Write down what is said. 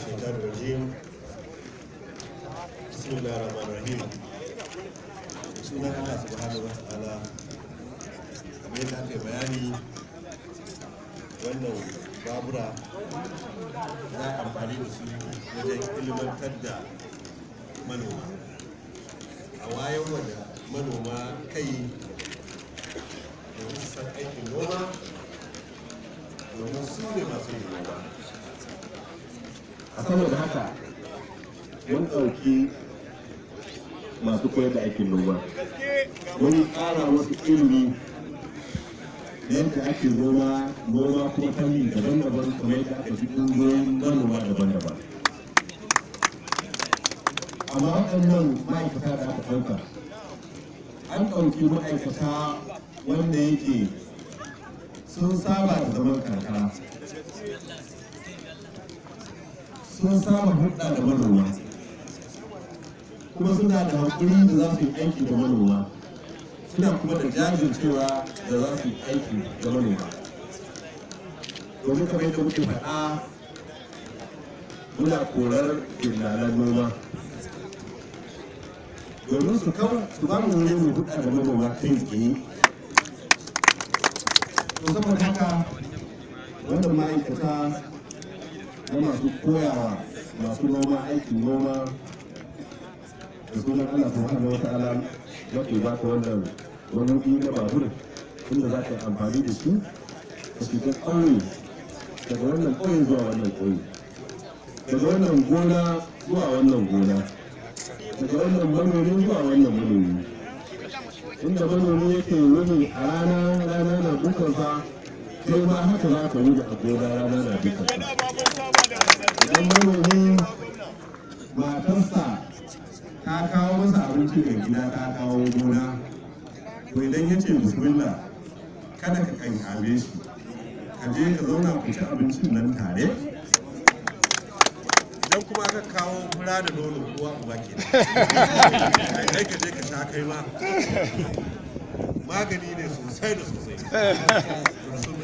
الشيطان الرجيم بسم الله الرحمن الرحيم سنة الله سبحانه وتعالى kamar yadda aka yi bayani wannan babura za a amfani da su wajen ilimantar da manoma a wayan wanda manoma kai domin san aikin noma domin su ne masu yin noma saboda haka mun ɗauki masu koyar da aikin noma mun ƙara wasu ilimi yadda ake noma noma kuma fanni daban-daban kamar da aka fi ƙungiyoyin manoma daban-daban amma waɗannan ma'aikata da aka ɗauka an ɗauki ma'aikata wanda yake sun saba da zaman karkara sun saba hulɗa da manoma kuma suna da haƙuri da za su yi aiki da manoma suna kuma da jajircewa da za su yi aiki da manoma domin kamar yadda muke faɗa muna korar dillalan noma domin su kawo su ba mu wani mai hulɗa da manoma kai tsaye to saboda haka wannan ma'aikata na masu koyawa masu noma aikin noma da sunan Allah hana wata alam mafi ba ta wannan wani kuɗi na babur inda za ka amfani da su a cikin ƙauye daga wannan ƙauye zuwa wannan ƙauye daga wannan gona zuwa wannan gona daga wannan manomi zuwa wannan manomi inda manomi yake wuni a rana rana na bukansa sai ma haka za ka wuni a gona rana na bukansa babban manomi matarsa ta kawo masa abinci daga gida ta kawo gona to idan ya ce bismillah kada ka kan kame shi ka je ka zauna ku ci abincin nan tare idan kuma ka kawo fura da nono kowa uba ke kai ka je ka sha kai ma magani ne sosai da sosai